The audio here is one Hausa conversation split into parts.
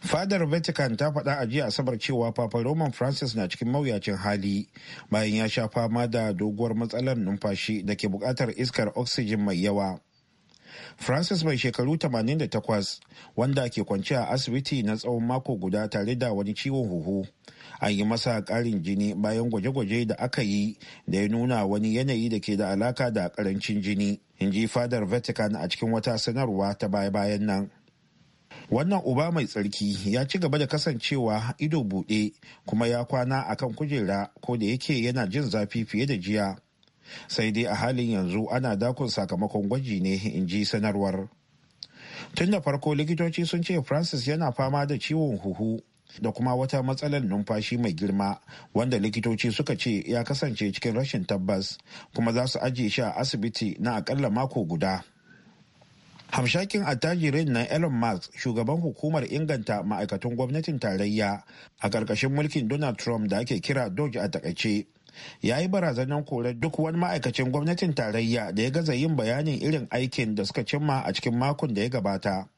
fadar vatican ta faɗa a jiya asabar cewa papa roman francis na cikin mawuyacin hali bayan ya sha fama da doguwar matsalar numfashi da ke buƙatar iskar oxygen mai yawa francis mai shekaru 88 wanda ke kwance a asibiti na tsawon mako guda tare da wani ciwon huhu an yi masa ƙarin jini bayan gwaje-gwaje da aka yi da ya nuna wani yanayi da ke da alaka da ƙarancin jini in ji fadar vatican a cikin wata sanarwa ta baya-bayan nan wannan uba mai tsarki ya ci gaba da kasancewa ido buɗe kuma ya kwana a kan kujera ko da yake yana jin zafi fiye da jiya sai dai a halin yanzu ana dakon sakamakon gwaji ne in ji sanarwar tun da farko likitoci sun ce francis yana fama da ciwon huhu da kuma wata matsalar numfashi mai girma wanda likitoci suka ce ya kasance cikin rashin tabbas kuma za su ajiye shi a asibiti na akalla mako guda hamshakin attajirin na elon musk shugaban hukumar inganta ma'aikatan gwamnatin tarayya a ƙarƙashin mulkin donald trump da ake kira doge a takaice ya yi barazanar korar duk wani ma'aikacin gwamnatin tarayya da ya gaza yin bayanin irin aikin da suka cimma a cikin makon da ya gabata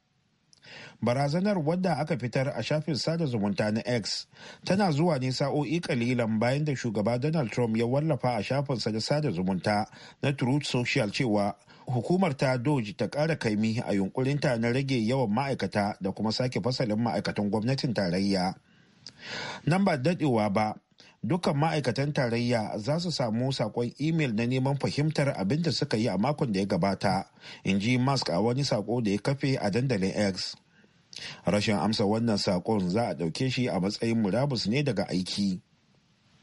barazanar wadda aka fitar a shafin sada zumunta na x tana zuwa ne sa'o'i kalilan bayan da shugaba donald trump ya wallafa a shafin sa na sada zumunta na truth social cewa hukumar ta doji ta kara kaimi a yunkurinta na rage yawan ma'aikata da kuma sake fasalin ma'aikatan gwamnatin tarayya nan ba dadewa ba dukkan ma'aikatan tarayya za su samu sakon imel na neman fahimtar abin da suka yi a makon da ya gabata in ji musk a wani sako da ya kafe a dandalin x rashin amsa wannan sakon za a ɗauke shi a matsayin murabus ne daga aiki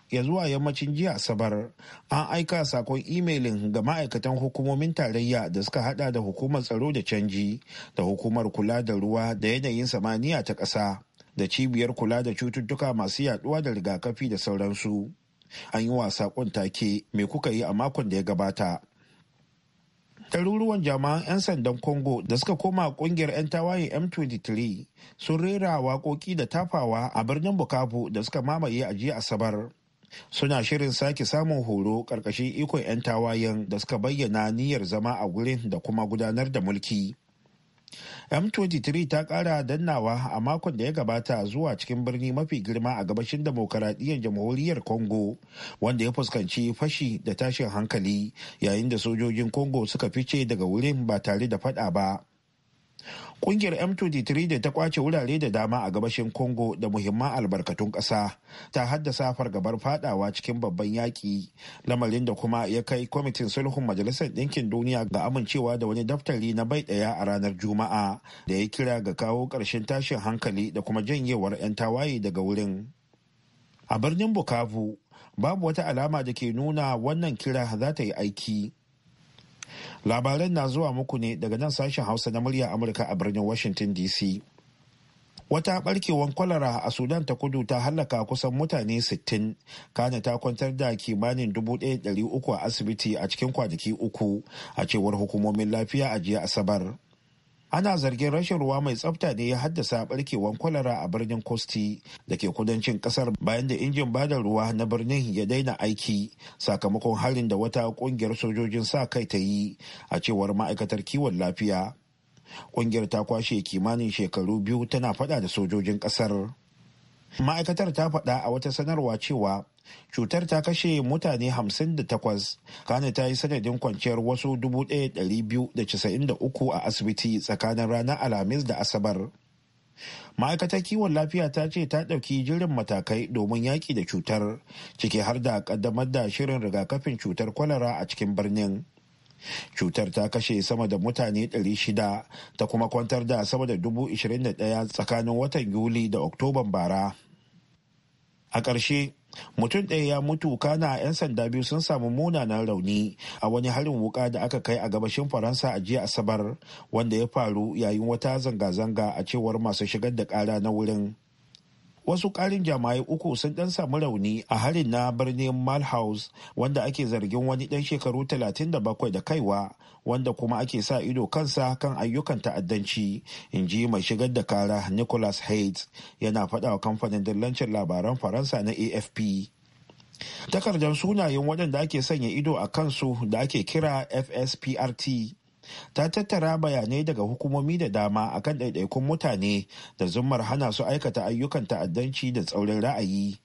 ya zuwa yammacin jiya asabar an aika sakon imelin ga ma'aikatan hukumomin tarayya da suka hada da hukumar tsaro da canji da hukumar kula da ruwa da yanayin samaniya ta ƙasa da cibiyar kula da cututtuka masu yaduwa da rigakafi da sauransu an yi wa sakon take mai kuka yi a makon da ya gabata ɗaruruwan jama'an 'yan sandan congo da suka koma ƙungiyar 'yan tawaye m23 sun rera waƙoƙi da tafawa a birnin bukavu da suka mamaye a jiya asabar suna shirin sake samun horo ƙarƙashin ikon 'yan tawayen da suka bayyana niyyar zama a gurin da kuma gudanar da mulki M23 ta ƙara dannawa a makon da ya gabata zuwa cikin birni mafi girma a gabashin demokaradiyyar jamhuriyar Congo wanda ya fuskanci fashi da tashin hankali yayin da sojojin Congo suka fice daga wurin ba tare da faɗa ba. Kungiyar M23 da ta kwace wurare da dama a gabashin Congo da muhimman albarkatun ƙasa ta haddasa fargabar fadawa cikin babban yaƙi lamarin da kuma ya kai kwamitin sulhun Majalisar Ɗinkin Duniya ga amincewa da wani daftari na bai ɗaya a ranar Juma'a da ya kira ga kawo ƙarshen tashin hankali da kuma janyewar 'yan tawaye daga wurin. A birnin Bukavu, babu wata alama da ke nuna wannan kira za ta yi aiki labaran na zuwa muku ne daga nan sashen hausa na murya amurka a birnin washington dc wata barkewar kwalara a sudan ta kudu ta hallaka kusan mutane 60 kana ta kwantar da kimanin 1,300 a asibiti a cikin kwanaki uku a cewar hukumomin lafiya a jiya asabar ana zargin rashin ruwa mai tsafta ne ya haddasa barkewar kwalara a birnin kosti da ke kudancin kasar bayan da injin bada ruwa na birnin ya daina aiki sakamakon halin da wata kungiyar sojojin sa kai ta yi a cewar ma'aikatar kiwon lafiya kungiyar ta kwashe kimanin shekaru biyu tana fada da sojojin kasar ma'aikatar ta faɗa a wata sanarwa cewa cutar ta kashe mutane 58 kane ta yi sanadin kwanciyar wasu 1293 a asibiti tsakanin ranar alhamis da asabar ma'aikatar kiwon lafiya ta ce ta ɗauki jirin matakai domin yaƙi da cutar ciki har da ƙaddamar da shirin rigakafin cutar kwalara a cikin birnin cutar ta kashe sama da mutane 600 ta kuma kwantar da sama da 21,000 tsakanin watan yuli da oktoban bara a ƙarshe mutum ɗaya ya mutu kana 'yan sanda biyu sun samu munanan rauni a wani harin wuka da aka kai a gabashin faransa a jiya asabar wanda ya faru yayin wata zanga-zanga a cewar masu shigar da ƙara na wurin wasu ƙarin jama'ai uku sun ɗan samu rauni a harin na birnin malhouse wanda ake zargin wani ɗan shekaru 37 da kaiwa wanda kuma ake sa ido kansa kan ayyukan ta'addanci in ji mai shigar da kara nicholas hayes yana faɗawa kamfanin dillancin labaran faransa na afp takardar sunayen waɗanda ake sanya ido a kansu da ake kira fsprt ta tattara bayanai daga hukumomi da dama akan ɗaiɗaikun mutane da zummar hana su aikata ayyukan ta'addanci da tsaurin ra'ayi.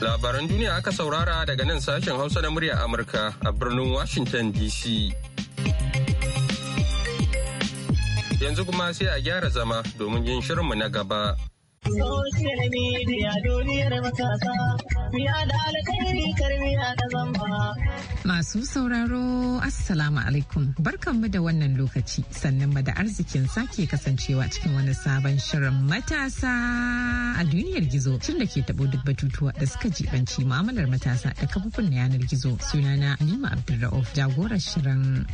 Labaran duniya aka saurara daga nan sashen Hausa na murya Amurka a birnin Washington DC. Yanzu kuma sai a gyara zama domin yin shirinmu na gaba. Social media duniyar matasa, miya da da zamba. Masu sauraro Assalamu alaikum barkanmu da wannan lokaci sannan da arzikin sake kasancewa cikin wani sabon shirin matasa a duniyar gizo tun da ke taɓo duk batutuwa da suka jibanci mu'amalar matasa da kafofin na yanar gizo sunana Nima Abdulrauf jagorar shirin.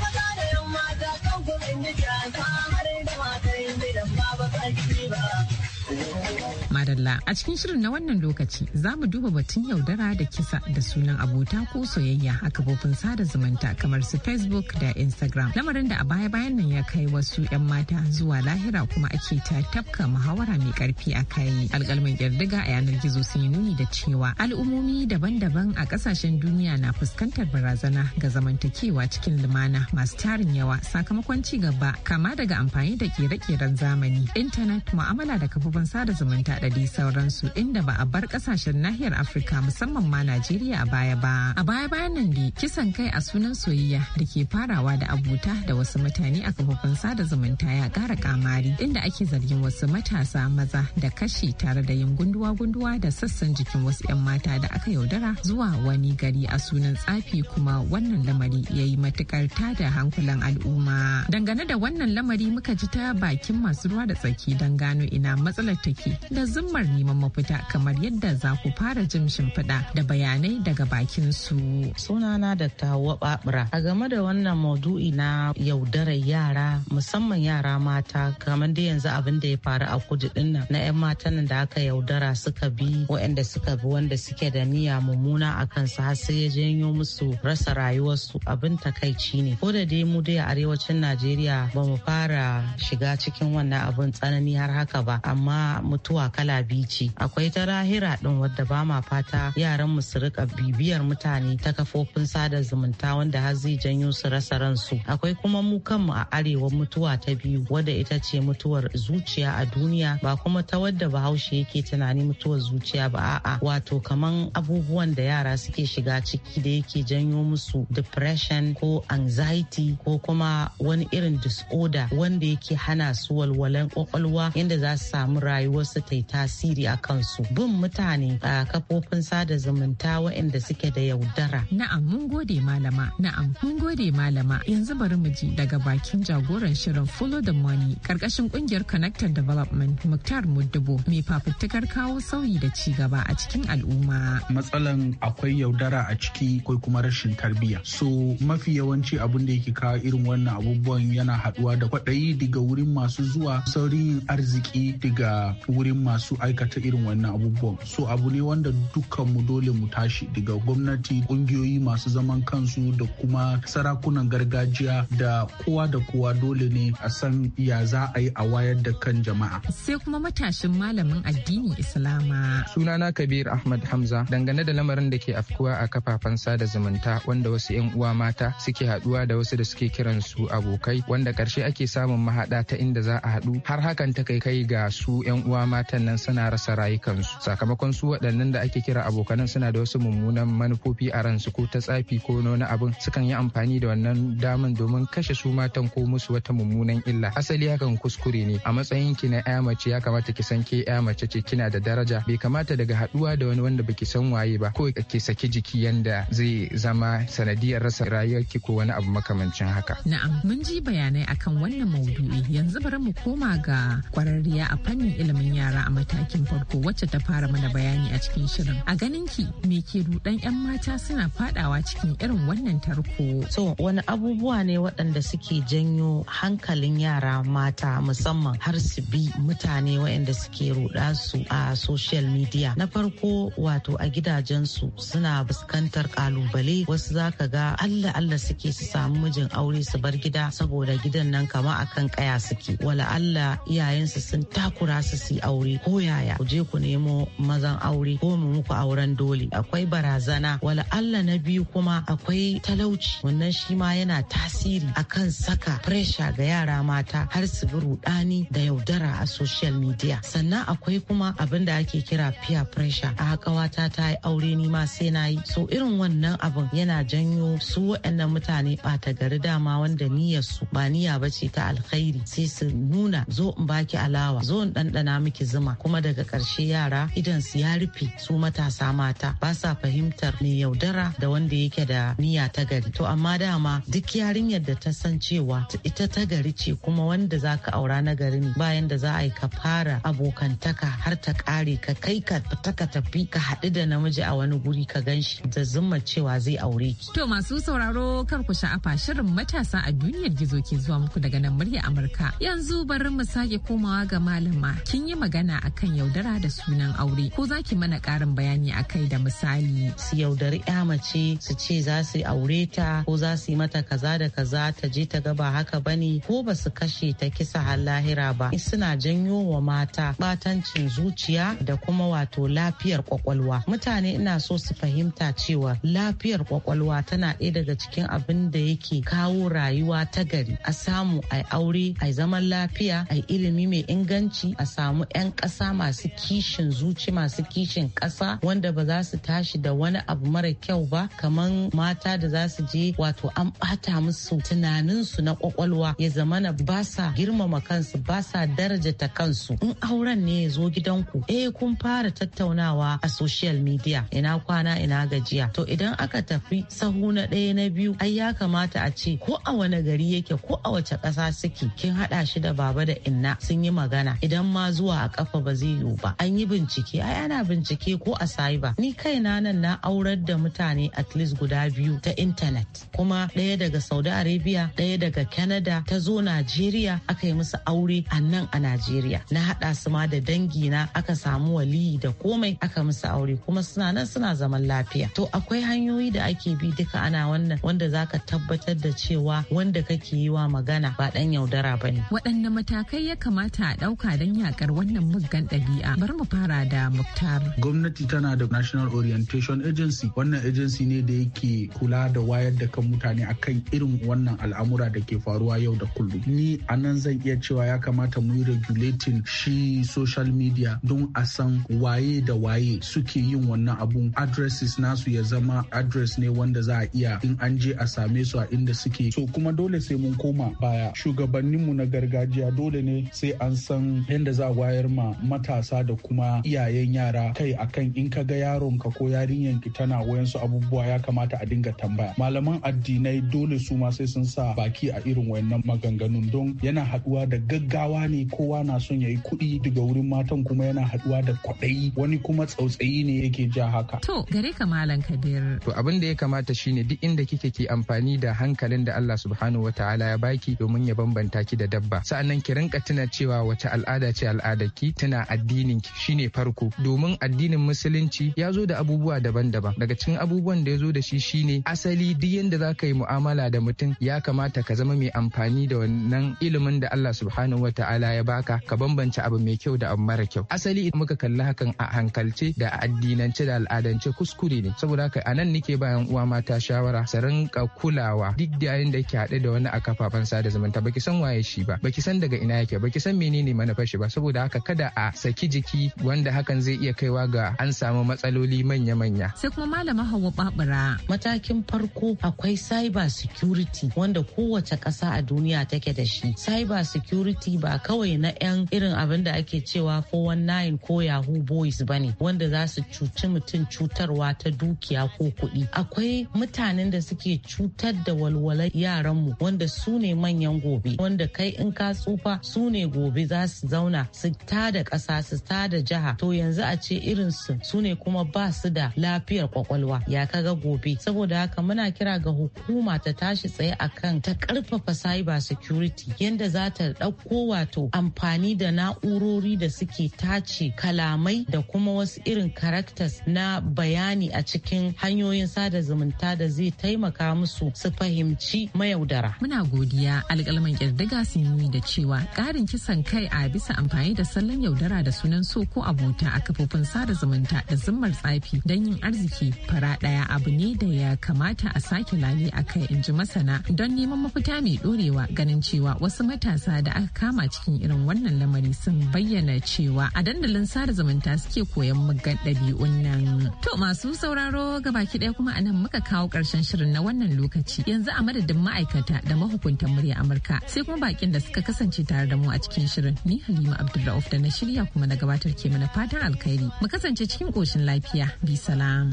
Allah A cikin shirin na wannan lokaci za mu duba batun yaudara da kisa da sunan abota ko soyayya a kafofin sada zumunta kamar su Facebook da Instagram. Lamarin da a baya-bayan nan ya kai wasu 'yan mata zuwa lahira kuma ake ta tafka muhawara mai karfi a kai. Alƙalmin ƙirdiga a yanar gizo sun yi nuni da cewa al'ummomi daban-daban a ƙasashen duniya na fuskantar barazana ga zamantakewa cikin lumana masu tarin yawa sakamakon ci gaba kama daga amfani da kere-keren zamani, intanet, mu'amala da kafofin sada zumunta da dai sauransu inda ba a bar kasashen nahiyar Afirka musamman ma Najeriya a baya ba. A baya bayan nan ne kisan kai a sunan soyayya da ke farawa da abuta da wasu mutane a kafofin sada zumunta ya kara kamari inda ake zargin wasu matasa maza da kashi tare da yin gunduwa-gunduwa da sassan jikin wasu 'yan mata da aka yaudara zuwa wani gari a sunan tsafi kuma wannan lamari ya yi matukar tada hankulan al'umma. Dangane da wannan lamari muka ji ta bakin masu ruwa da tsaki don gano ina matsalar take da zumar hukumar neman mafita kamar yadda za ku fara jin shimfiɗa da bayanai daga bakin su. Sunana da Tawo Babura. A game da wannan maudu'i na yaudarar yara musamman yara mata kamar da yanzu abin da ya faru a kudu din na 'yan matan da aka yaudara suka bi waɗanda suka bi wanda suke da niyya mummuna a kansu har sai ya janyo musu rasa rayuwarsu abin takaici ne. Ko da dai mu dai a arewacin Najeriya ba mu fara shiga cikin wannan abin tsanani har haka ba amma mutuwa kala bici akwai ta rahira din wadda ba ma fata yaran mu su rika bibiyar mutane ta kafofin sada zumunta wanda har zai janyo su rasa ransu akwai kuma mu kanmu a arewa mutuwa ta biyu wadda ita ce mutuwar zuciya a duniya ba kuma ta wadda bahaushe yake tunani mutuwar zuciya ba a'a wato kaman abubuwan da yara suke shiga ciki da yake janyo musu depression ko anxiety ko kuma wani irin disorder wanda yake hana su walwalan kwakwalwa inda za su samu rayuwarsu ta tasiri a kansu bin mutane a kafofin sada zumunta waɗanda suke da yaudara. Na'am mun gode malama, na'am mun gode malama yanzu bari mu ji daga bakin jagoran shirin Follow the Money karkashin kungiyar Connected Development Muktar Muddubo mai fafutukar kawo sauyi da ci gaba a cikin al'umma. Matsalan akwai yaudara a ciki ko kuma rashin tarbiyya. So mafi yawanci abin da yake kawo irin wannan abubuwan yana haɗuwa da kwaɗayi daga wurin masu zuwa saurin arziki daga wurin masu aikata irin wannan abubuwan so abu ne wanda mu dole mu tashi daga gwamnati kungiyoyi masu zaman kansu da kuma sarakunan gargajiya da kowa da kowa dole ne a san ya za a yi a wayar da kan jama'a sai kuma matashin malamin addinin islama sunana kabir ahmad hamza dangane da lamarin da ke afkuwa a kafafen sada zumunta wanda wasu 'yan uwa mata suke haduwa da wasu da suke kiran su abokai wanda karshe ake samun mahada ta inda za a haɗu har hakan ta kai kai ga su 'yan uwa matan nan suna rasa rayukansu sakamakon su waɗannan da ake kira abokanan suna da wasu mummunan manufofi a ransu ko ta tsafi ko na abin sukan yi amfani da wannan daman domin kashe su matan ko musu wata mummunan illa asali hakan kuskure ne a matsayin ki na ya mace ya kamata ki san ke ya mace ce kina da daraja bai kamata daga haɗuwa da wani wanda baki san waye ba ko ki saki jiki yanda zai zama sanadiyar rasa rayuwarki ko wani abu makamancin haka na'am mun ji bayanai akan wannan maudu'i yanzu bari mu koma ga kwararriya a fannin ilimin yara a matakin matakin farko wacce ta fara mana bayani a cikin shirin a ganin ki me ke rudan yan mata suna fadawa cikin irin wannan tarko so wani abubuwa ne waɗanda suke janyo hankalin yara mata musamman har su bi mutane waɗanda suke ruɗa su a social media na farko wato a gidajen su suna fuskantar kalubale wasu zaka ga allah allah suke su samu mijin aure su bar gida saboda gidan nan kama akan kaya suke wala allah iyayensu sun takura su su aure ko yaya ku je ku nemo mazan aure ko mu muku auren dole akwai barazana wala Allah na biyu kuma akwai talauci wannan shi ma yana tasiri akan saka pressure ga yara mata har su bi rudani da yaudara a social media sannan akwai kuma abin da ake kira peer pressure a kawata ta yi aure ni ma sai na yi so irin wannan abin yana janyo su waɗannan mutane ɓata gari dama wanda niyyar su ba niyya bace ta alkhairi sai su nuna zo in baki alawa zo in ɗanɗana miki zuma kuma daga ƙarshe yara idan su ya rufe su matasa mata ba sa fahimtar mai yaudara da wanda yake da niyya ta gari to amma dama duk yarinyar da ta san cewa ita ta gari ce kuma wanda za ka aura na gari ne bayan da za a yi ka fara abokantaka har ta kare ka kai ka ta ka tafi ka haɗu da namiji a wani guri ka gan shi da zumma cewa zai aure ki. To masu sauraro kar ku sha'afa shirin matasa a duniyar gizo ke zuwa muku daga nan murya Amurka yanzu bari mu sake komawa ga malama kin yi magana akan yaudara da sunan aure ko za ki mana karin bayani a kai da misali su yaudari ya mace su ce za su aure ta ko za su yi mata kaza da kaza ta je ta ga ba haka bane ko ba su kashe ta kisa har lahira ba suna janyo wa mata batancin zuciya da kuma wato lafiyar kwakwalwa mutane ina so su fahimta cewa lafiyar kwakwalwa tana ɗaya daga cikin abin da yake kawo rayuwa ta gari a samu a aure a zaman lafiya a ilimi mai inganci a samu 'yan ƙasa masu kishin zuci masu kishin ƙasa wanda ba za su tashi da wani abu mara kyau ba kamar mata da za su je wato an bata musu tunaninsu na ƙwaƙwalwa ya zamana ba sa girmama kansu ba sa ta kansu in auren ne ya zo gidanku eh kun fara tattaunawa a social media ina kwana ina gajiya to idan aka tafi sahu na ɗaya na biyu ai ya kamata a ce ko a wani gari yake ko a wace ƙasa suke kin haɗa shi da baba da inna sun yi magana idan ma zuwa a ƙafa ba zai ba an yi bincike ai ana bincike ko a cyber ni kaina nan na aurar da mutane at least guda biyu ta intanet kuma ɗaya daga saudi arabia ɗaya daga canada ta zo najeriya aka yi musu aure a nan a najeriya na haɗa su ma da dangi na aka samu waliyi da komai aka musu aure kuma suna nan suna zaman lafiya to akwai hanyoyi da ake bi duka ana wannan wanda zaka tabbatar da cewa wanda kake yi wa magana ba dan yaudara bane waɗanne matakai ya kamata a ɗauka don yaƙar wannan muggan ɗabi'a. Bari mu fara da Muktar. Gwamnati tana da National Orientation Agency. Wannan agency ne da yake kula da wayar da kan mutane akan irin wannan al'amura da ke faruwa yau da kullum. Ni a nan zan iya cewa ya kamata mu yi regulating shi social media don a san waye da waye suke yin wannan abun. Addresses nasu ya zama address ne wanda za a iya in an je a same su a inda suke. So kuma dole sai mun koma baya. Shugabanninmu na gargajiya dole ne sai an san yadda za a wayar ma matasa da kuma iyayen yara kai akan in ka ga yaronka ko yarinyar ki tana wayansu abubuwa ya kamata a dinga tambaya malaman addinai dole su ma sai sun sa baki a irin wayannan maganganun don yana haduwa da gaggawa ne kowa na son ya yi kuɗi daga wurin matan kuma yana haduwa da kwaɗayi wani kuma tsautsayi ne yake ja haka. To gare ka malam Kabir. To abin da ya kamata shine duk inda kike ki amfani da hankalin da Allah subhanahu wataala ya baki domin ya bambanta ki da dabba. Sa'annan ki rinka tuna cewa wace al'ada ce al'ada tuna? addinin ki shine farko domin addinin musulunci ya zo da abubuwa daban-daban daga cikin abubuwan da ya zo da shi shine asali duk yanda za ka yi mu'amala da mutum ya kamata ka zama mai amfani da wannan ilimin da Allah subhanahu wataala ya baka ka bambance abu mai kyau da abu mara kyau asali idan muka kalli hakan a hankalce da addinance da al'adance kuskure ne saboda haka anan nake bayan uwa mata shawara su rinka kulawa duk da yayin da ke haɗe da wani a kafafen sada zumunta baki san waye shi ba baki san daga ina yake baki san menene manufar shi ba saboda haka kada a saki jiki wanda hakan zai iya kaiwa ga an samu matsaloli manya-manya. Sai kuma malama Hauwa Babura. Matakin farko akwai cyber security wanda kowace ƙasa a duniya take da shi. Cyber security ba kawai na 'yan irin abin da ake cewa 419 ko Yahoo Boys ne, wanda za su cuci mutum cutarwa ta dukiya ko kuɗi. Akwai mutanen da suke cutar da walwalar yaranmu wanda su ne manyan gobe wanda kai in ka tsufa su ne gobe za su zauna su tada ƙasa matasa su ta da jiha to yanzu a ce irin su ne kuma ba su da lafiyar kwakwalwa ya kaga gobe saboda haka muna kira ga hukuma ta tashi tsaye akan ta karfafa cyber security yadda za ta ɗauko wato amfani da na'urori da suke tace kalamai da kuma wasu irin characters na bayani a cikin hanyoyin sada zumunta da zai taimaka musu su fahimci mayaudara. Muna godiya alƙalman ƙirdiga sun yi da cewa ƙarin kisan kai a bisa amfani da sallan yaudara da sunan so ko abota a kafofin sada zumunta da zimmar tsafi don yin arziki fara ɗaya abu ne da ya kamata a sake lale a kai in ji masana don neman mafita mai dorewa ganin cewa wasu matasa da aka kama cikin irin wannan lamari sun bayyana cewa a dandalin sada zumunta suke koyan muggan ɗabi'un nan. To masu sauraro ga baki ɗaya kuma anan muka kawo ƙarshen shirin na wannan lokaci yanzu a madadin ma'aikata da mahukuntan murya Amurka sai kuma bakin da suka kasance tare da mu a cikin shirin ni Halima Abdulrauf da na shirya lafiya kuma na gabatar ke mana fatan alkhairi mu kasance cikin koshin lafiya bi salam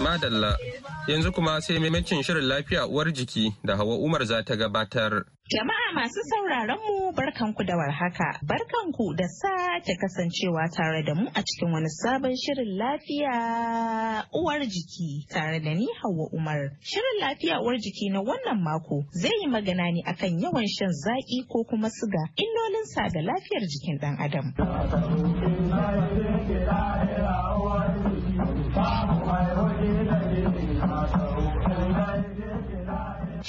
madalla yanzu kuma sai maimacin shirin lafiya uwar jiki da hawa umar za ta gabatar Jama'a masu sauraron mu barkanku da warhaka. Barkanku da sake kasancewa tare da mu a cikin wani sabon shirin lafiya uwar jiki tare da ni Hauwa Umar. Shirin lafiya uwar jiki na wannan mako zai yi magana ne akan yawan shan zaƙi ko kuma siga. in sa da lafiyar jikin ɗan adam.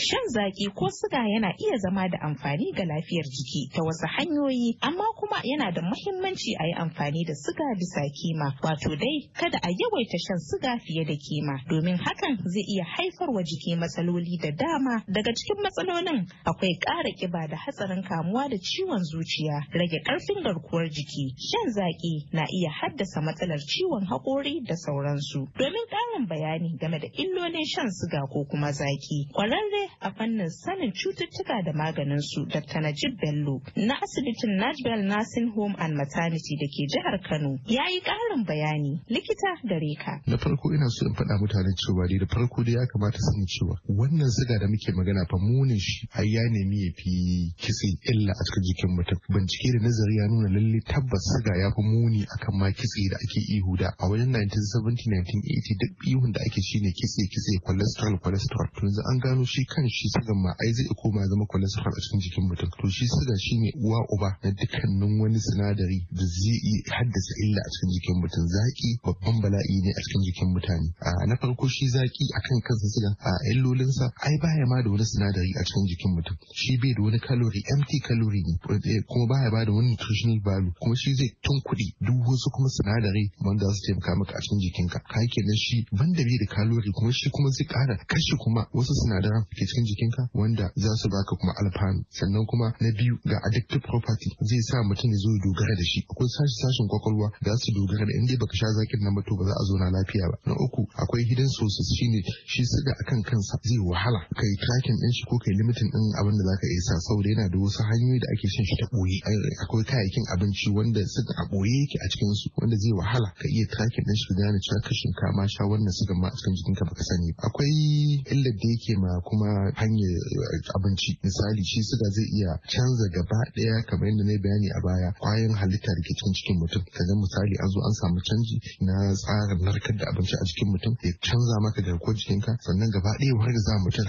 Shan zaki ko suga yana iya zama da amfani ga lafiyar jiki ta wasu hanyoyi amma kuma yana da muhimmanci a yi amfani da suga bisa kima wato dai kada a yawaita shan suga fiye da kima domin hakan zai iya haifarwa jiki matsaloli da dama daga cikin matsalolin akwai ƙara ƙiba da hatsarin kamuwa da ciwon zuciya rage ƙarfin garkuwar jiki shan zaki na iya haddasa matsalar ciwon haƙori da sauransu domin ƙarin bayani game da illolin shan suga ko kuma zaki kwararre a fannin sanin cututtuka da maganin su Dr. Najib Bello na asibitin Najbel Nursing Home and Maternity da ke jihar Kano ya yi ƙarin bayani likita gare ka. Na farko ina so in faɗa mutane cewa dai da farko dai ya kamata sani cewa wannan siga da muke magana fa munin shi har ya nemi ya fi kitse illa a cikin jikin mutum. Bincike da nazari ya nuna lalle tabbas siga ya fi muni akan ma kitse da ake ihu da a wajen 1970-1980 duk ihun da ake shine kitse kitse cholesterol cholesterol tun yanzu an gano shi kan shi sugan ma ai zai koma zama cholesterol a cikin jikin mutum to shi shi ne uwa uba na dukkanin wani sinadari da zai iya haddasa illa a cikin jikin mutum zaki babban bala'i ne a cikin jikin mutane a na farko shi zaki akan kansa sugan. a illolinsa ai baya ma da wani sinadari a cikin jikin mutum shi bai da wani kalori empty kalori ne kuma baya ba da wani nutritional value kuma shi zai tun kuɗi duk wasu kuma sinadarai wanda za su taimaka maka a cikin jikinka ka kenan shi banda bai da kalori kuma shi kuma zai ƙara kashe kuma wasu sinadaran ke cikin jikinka wanda za su baka kuma alfanu sannan kuma na biyu ga addictive property zai sa mutum ya zo ya dogara da shi akwai sashi sashin kwakwalwa za su dogara da inda baka sha zakin nan ba to ba za a zo na lafiya ba na uku akwai hidden sources shine shi siga akan kansa zai wahala kai tracking din shi ko kai limitin din abin da zaka iya sa saboda yana da wasu hanyoyi da ake shan shi ta boye akwai kayayyakin abinci wanda suka a boye yake a cikin su wanda zai wahala ka iya tracking din shi ka gane cewa kashin ka ma sha wannan suga ma a cikin jikinka baka sani akwai illar da yake ma kuma hanyar eh, abinci misali shi suga zai iya canza gaba ɗaya kamar yadda na bayani a baya kwayan halitta da ke cikin cikin mutum kaga misali an zo an samu canji na tsarin narkar da abinci a jikin mutum ya canza maka garkuwar jikinka sannan gaba ɗaya da za mutum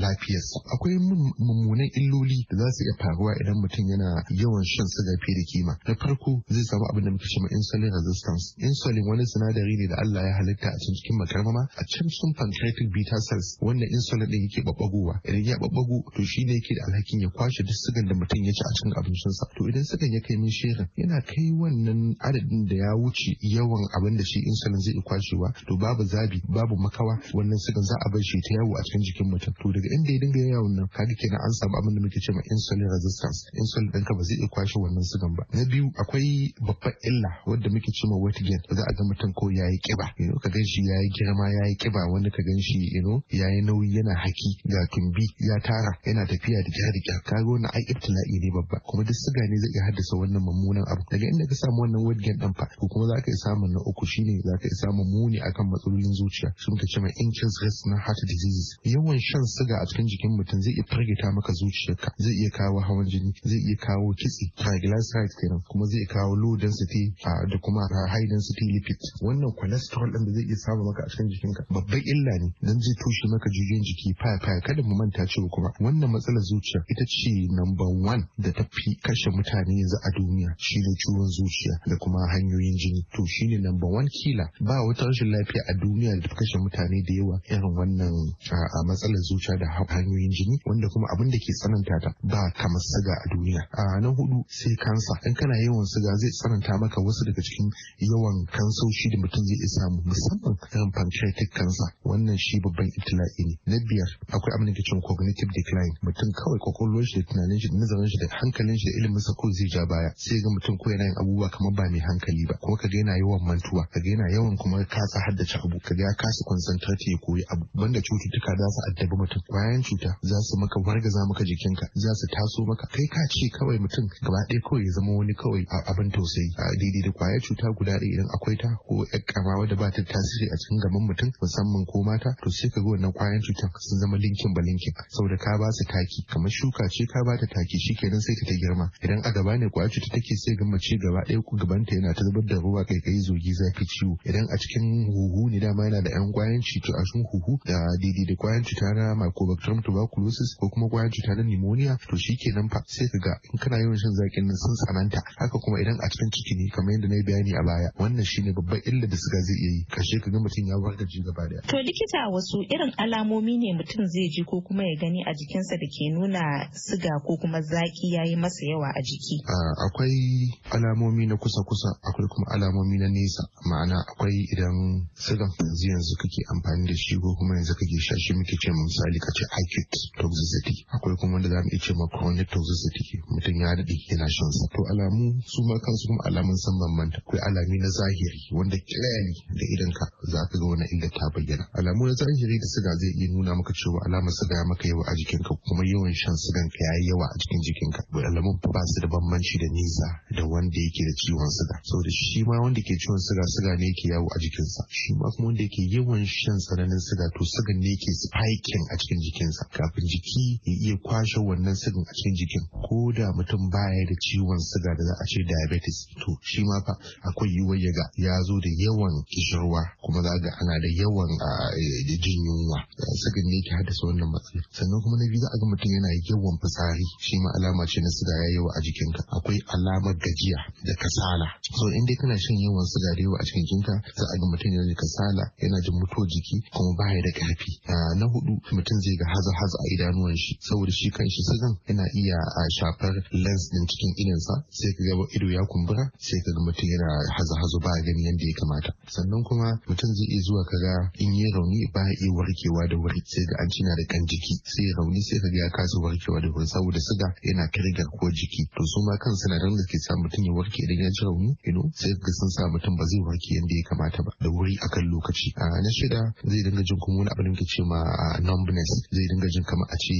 lafiyarsa akwai mummunan illoli da za su iya faruwa idan mutum yana yawan shan suga fiye da kima na farko zai samu abin da muke ma insulin resistance insulin wani sinadari ne da Allah ya halitta a cikin makarmama a cikin sun pancreatic beta cells wanda insulin din yake babbagowa idan ya babbago to shi ne yake da alhakin ya kwashe duk sigan da mutum ya ci a cikin abincinsa to idan sigan ya kai min shirin yana kai wannan adadin da ya wuce yawan abin da shi insulin zai kwashewa to babu zabi babu makawa wannan sigan za a bar shi ta yawo a cikin jikin mutum to daga inda ya dinga yawon nan kaga kenan an samu abin da muke cewa insulin resistance insulin ɗinka ba zai kwashe wannan sigan ba na biyu akwai babban illa wanda muke cewa weight gain za a ga mutum ko yayi kiba ka gan yayi girma yayi kiba wani ka gan shi yayi nauyi yana haki ga tumbi ya tara yana tafiya da jihar ka ga wannan ai ibtila'i ne babba kuma duk siga ne zai iya haddasa wannan mummunan abu daga inda ka samu wannan wadgen ɗan fa ko kuma za ka iya samun na uku shine za ka iya samun muni akan matsalolin zuciya Sun muka ce mai increased risk na heart diseases yawan shan siga a cikin jikin mutum zai iya firgita maka zuciyarka zai iya kawo hawan jini zai iya kawo kitse triglycerides kenan kuma zai iya kawo low density da kuma high density lipid wannan cholesterol din da zai iya samu maka a cikin jikinka babban illa ne dan zai toshe maka jijiyoyin jiki pipe kai kada mu manta cewa kuma wannan matsalar zuciya ita ce number one da ta fi kashe mutane yanzu a duniya shi ne ciwon zuciya da kuma hanyoyin jini to shi ne number one kila ba wata rashin lafiya a duniya da ta kashe mutane da yawa irin wannan a matsalar zuciya da hanyoyin jini wanda kuma abin da ke tsananta ta ba kamar siga a duniya a na hudu sai kansa in kana yawan siga zai tsananta maka wasu daga cikin yawan kansoshi da mutum zai iya samu musamman irin pancreatic cancer wannan shi babban itila'i ne na biyar akwai abin da ke cewa cognitive decline mutum kawai kwakwalwar shi da tunanin shi da nazarin shi da hankalin shi da ilimin sa ko zai ja baya sai ga mutum ko yana yin abubuwa kamar ba mai hankali ba kuma ka yana yawan mantuwa Ka yana yawan kuma kasa haddace abu Ka ga ya kasa concentrate ya koyi abu banda cututtuka za su addabi mutum bayan cuta za su maka wargaza maka jikinka za su taso maka kai ka ce kawai mutum gaba ɗaya kawai ya zama wani kawai abin tausayi a daidai da kwayar cuta guda ɗaya idan akwai ta ko ƴar kama da ba ta tasiri a cikin gaban mutum musamman ko mata to sai ka ga wannan kwayar cutar sun zama linkin ba linkin saboda ka ba su taki kamar shuka ce ka ba ta taki shikenan sai ta ta girma idan a gaba ne kwaya cuta take sai gama ce gaba ɗaya ku gabanta yana ta zubar da ruwa kai kai zogi zafi ciwo idan a cikin huhu ne dama yana da yan kwayan cuta a cikin huhu da daidai da kwayan cuta na mycobacterium tuberculosis ko kuma kwayan cuta na pneumonia to shikenan fa sai ka ga in kana yawan shan zakin nan sun tsananta haka kuma idan a cikin ciki ne kamar yadda na yi bayani a baya wannan shi shine babban illa da suka zai iya yi kashe ka ga mutum ya ji gaba daya to likita wasu irin alamomi ne mutum zai zai ji ko kuma ya gani a jikinsa da ke nuna siga ko kuma zaki ya yi masa yawa a jiki? Akwai alamomi na kusa-kusa akwai kuma alamomi na nesa ma'ana akwai idan sigan yanzu yanzu kake amfani da shi ko kuma yanzu kake sha shi muke ce misali ka ce acute toxicity akwai kuma wanda zamu mu iya ce ma chronic toxicity mutum ya daɗe yana shan sa to alamu su ma kansu kuma alamun san bambanta akwai alami na zahiri wanda clearly da idan ka za ka ga wani inda ta bayyana alamu na zahiri da siga zai iya nuna maka cewa abu alamar su ya maka yawa a jikinka kuma yawan shan sugan ka yayi yawa a cikin jikinka alamun ba su da bambanci da nisa da wanda yake da ciwon suga saboda shi ma wanda ke ciwon suga suga ne yake yawo a jikinsa shi ma kuma wanda yake yawan shan tsananin suga to suga ne yake spiking a cikin jikinsa kafin jiki ya iya kwashe wannan sugan a cikin jikin ko da mutum baya da ciwon suga da za a ce diabetes to shi ma fa akwai yiwuwar ya ga ya zo da yawan kishirwa kuma za ga ana da yawan ah, eh, jin yunwa sugan ne yake su wannan matsalar sannan kuma na biyu za a ga mutum yana yawan fitsari shi ma alama ce na siga ya yawa a jikinka akwai alamar gajiya da kasala so in dai kana shan yawan siga da yawa a cikin jikinka za a ga mutum yana da kasala yana jin mutuwar jiki kuma baya da karfi ah, na hudu mutum zai ga haza haza a idanuwan shi saboda shi kan shi sigan yana iya a ah, shafar lens din cikin idonsa sai ka ga ido ya kumbura sai ka ga mutum yana haza hazo ba gani yadda ya kamata sannan kuma mutum zai iya zuwa kaga in yi rauni ba iya warkewa da wuri sai ga an abinci na da kan jiki sai rauni sai ka ga ya kasa warkewa da wuri saboda siga yana kare ko jiki to su ma kan sinadaran da ke sa mutum ya warke idan ya ji rauni Ino sai ka sun sa mutum ba zai warke yadda ya kamata ba da wuri akan lokaci a na shida zai dinga jin kuma wani abin da ce ma numbness zai dinga jin kamar a ce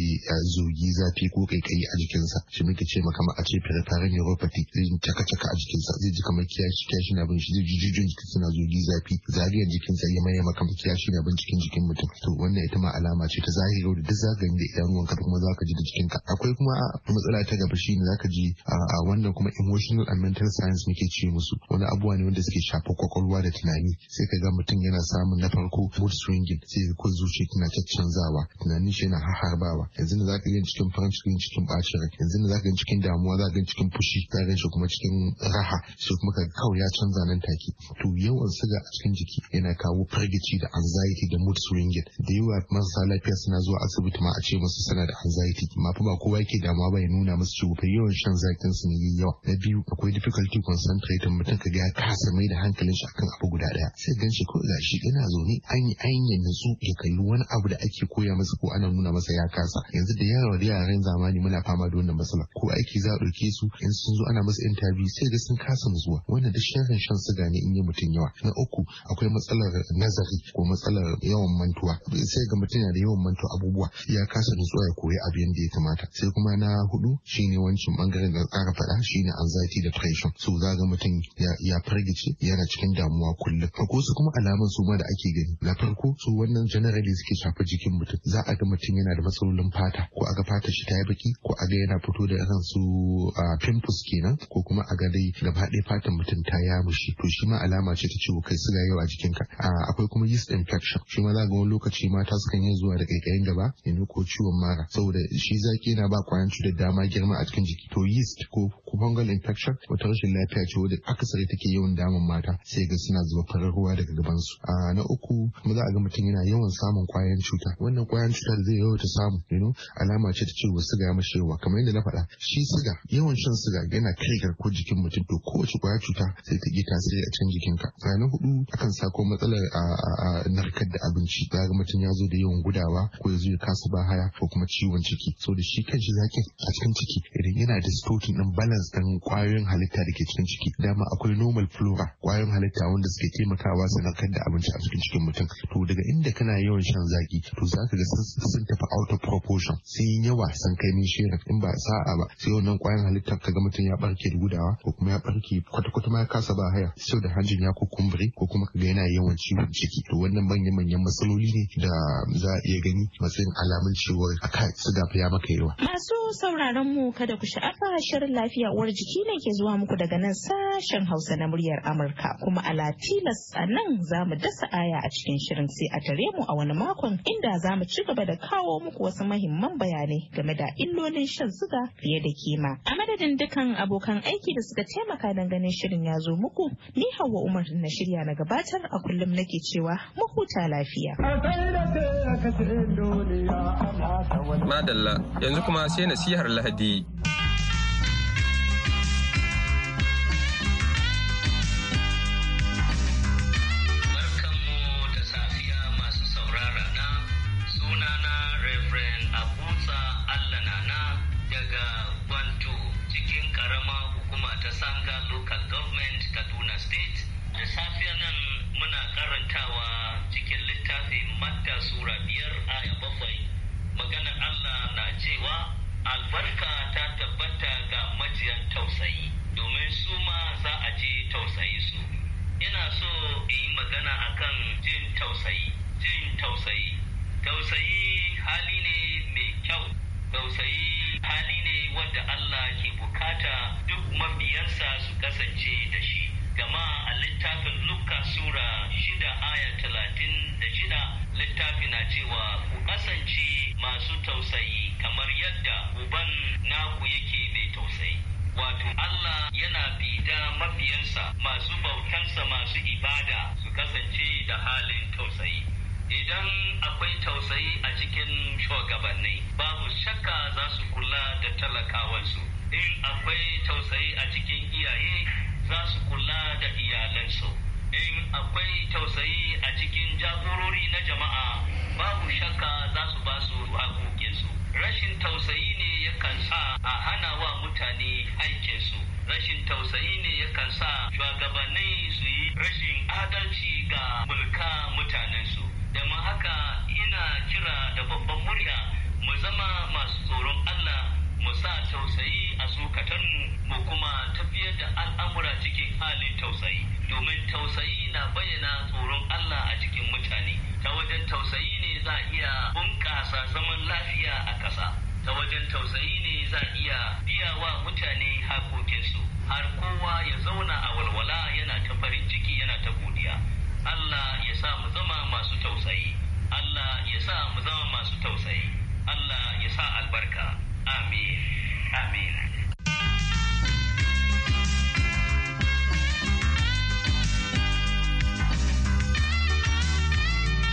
zogi zafi ko kaikayi a jikinsa shi muke ce ma kamar a ce peripheral neuropathy zai caka-caka a jikinsa zai ji kamar kiyashi kiyashi na bin shi zai ji jujun jikin suna zogi zafi zariyar jikinsa ya maye maka kiyashi na bin cikin jikin mutum to wannan ita ma alama ce ta zahiri ga duk za ka da idanuwanka da kuma za ka ji da jikinka akwai kuma matsala ta gaba shine za ka ji a wannan kuma emotional and mental science muke ce musu wani abuwa ne wanda suke shafa kwakwalwa da tunani sai ka ga mutum yana samun na farko mood swinging sai ko zuci tana ta canzawa tunanin shi yana harbawa yanzu ne za ka yi cikin farin cikin cikin bacin rai yanzu ne za ka yi cikin damuwa za ka yi cikin fushi za ka yi kuma cikin raha sai kuma ka kawo ya canza nan take to yawan siga a cikin jiki yana kawo fargici da anxiety da mood swinging da yawa marasa lafiya suna zuwa asibiti ma a ce musu suna da anxiety ma fa ba kowa yake damuwa ba ya nuna musu cewa fa yawan shan zakin su ne yawa na biyu akwai difficulty concentrating mutum ka ga ya kasa mai da hankalin shi akan abu guda daya sai gan shi ko gashi ina zaune an yi ainihin nutsu ya kalli wani abu da ake koya masa ko ana nuna masa ya kasa yanzu da yawa da yaran zamani muna fama da wannan matsala ko aiki za a dauke su in sun zo ana masa interview sai ga sun kasa zuwa wannan da sharrin shan suga ne in yi mutum yawa na uku akwai matsalar nazari ko matsalar yawan mantuwa sai ga mutum yana da yawan manta abubuwa ya kasa nutsuwa ya koyi abu yadda ya kamata sai kuma na hudu shine wancin bangaren da tsara faɗa shine anxiety depression so za ga mutum ya fargice yana cikin damuwa kullum ko su kuma alamun su ma da ake gani na farko su wannan generally suke shafi jikin mutum za a ga mutum yana da matsalolin fata ko aga fata shi ta yi baki ko aga yana fito da irin su pimples kenan ko kuma aga dai gaba ɗaya fatan mutum ta yamushi to shi ma alama ce ta ciwo kai suga yau a jikinka akwai kuma yeast infection shi ma za ga wani lokaci mata sukan yi zuwa daga kaikayin gaba yanzu ko ciwon mara saboda shi zaki yana ba kwayan cutar dama girma a cikin jiki to yeast ko fungal infection wata rashin lafiya ce wadda akasari take yawan damun mata sai ga suna zuba farar ruwa daga gabansu a na uku kuma za a ga mutum yana yawan samun kwayan cuta wannan kwayan cutar zai yawaita samu you alama ce ta cewa siga ya mashi yawa kamar yadda na faɗa shi siga yawan shan siga yana kai ko jikin mutum to kowace kwayar cuta sai ta gita sai a can jikinka na hudu akan sako matsalar a narkar da abinci za ga mutum ya zo da yawan gudawa ko ya zo ya kasa bahaya ko kuma ciwon ciki so da shi kanshi zakin a cikin ciki idan yana distorting din balance analysis kwayoyin ƙwayoyin halitta da ke cikin ciki dama akwai normal flora ƙwayoyin halitta wanda suke taimakawa su narkar da abinci a cikin cikin mutum to daga inda kana yawan shan zaki to za ka ga sun tafi out of proportion sun yi yawa sun kai min shirin in ba sa'a ba sai wannan ƙwayoyin halittar ka ga mutum ya barke da gudawa ko kuma ya barke kwata-kwata ma ya kasa ba haya sau da hanjin ya kukumbure ko kuma ka ga yana yawan ciwon ciki to wannan manya-manyan matsaloli ne da za a iya gani matsayin alamun cewar a kai suga ya maka yawa. Masu sauraron mu kada ku sha'afa shirin lafiya uwar jiki ne ke zuwa muku daga nan sashen Hausa na muryar Amurka kuma a Latinas a nan za mu dasa aya a cikin shirin sai a tare mu a wani makon inda za mu ci gaba da kawo muku wasu mahimman bayanai game da illolin shan suga fiye da kima. A madadin dukan abokan aiki da suka taimaka don ganin shirin ya zo muku ni Hauwa Umar na shirya na gabatar a kullum nake cewa mu huta lafiya. Madalla yanzu kuma sai nasihar Lahadi. Allah yana bida mafiyansa masu bautansa masu ibada su kasance da halin tausayi. Idan akwai tausayi a cikin shugabanni babu shakka za su kula da talakawansu. In akwai tausayi a cikin iyaye za su kula da iyalansu. In akwai tausayi a cikin jagorori na jama'a babu shakka za su ba su haƙoƙinsu. Rashin tausayi ne yakan sa a hana wa mutane aikinsu. rashin tausayi ne yakan sa shugabanni su yi rashin adalci ga mulka mutanensu domin haka ina kira da babban murya mu zama masu tsoron allah mu sa tausayi a zukatanmu mu kuma tafiyar da al'amura cikin halin tausayi domin tausayi na bayyana tsoron Allah a cikin mutane ta wajen tausayi ne za a iya bunƙasa zaman lafiya a ƙasa ta wajen tausayi ne za za iya biya wa mutane hakokinsu har kowa ya zauna a walwala yana ta farin ciki yana ta godiya Allah ya sa mu zama masu tausayi Allah ya sa mu zama masu tausayi Allah ya sa albarka amin amin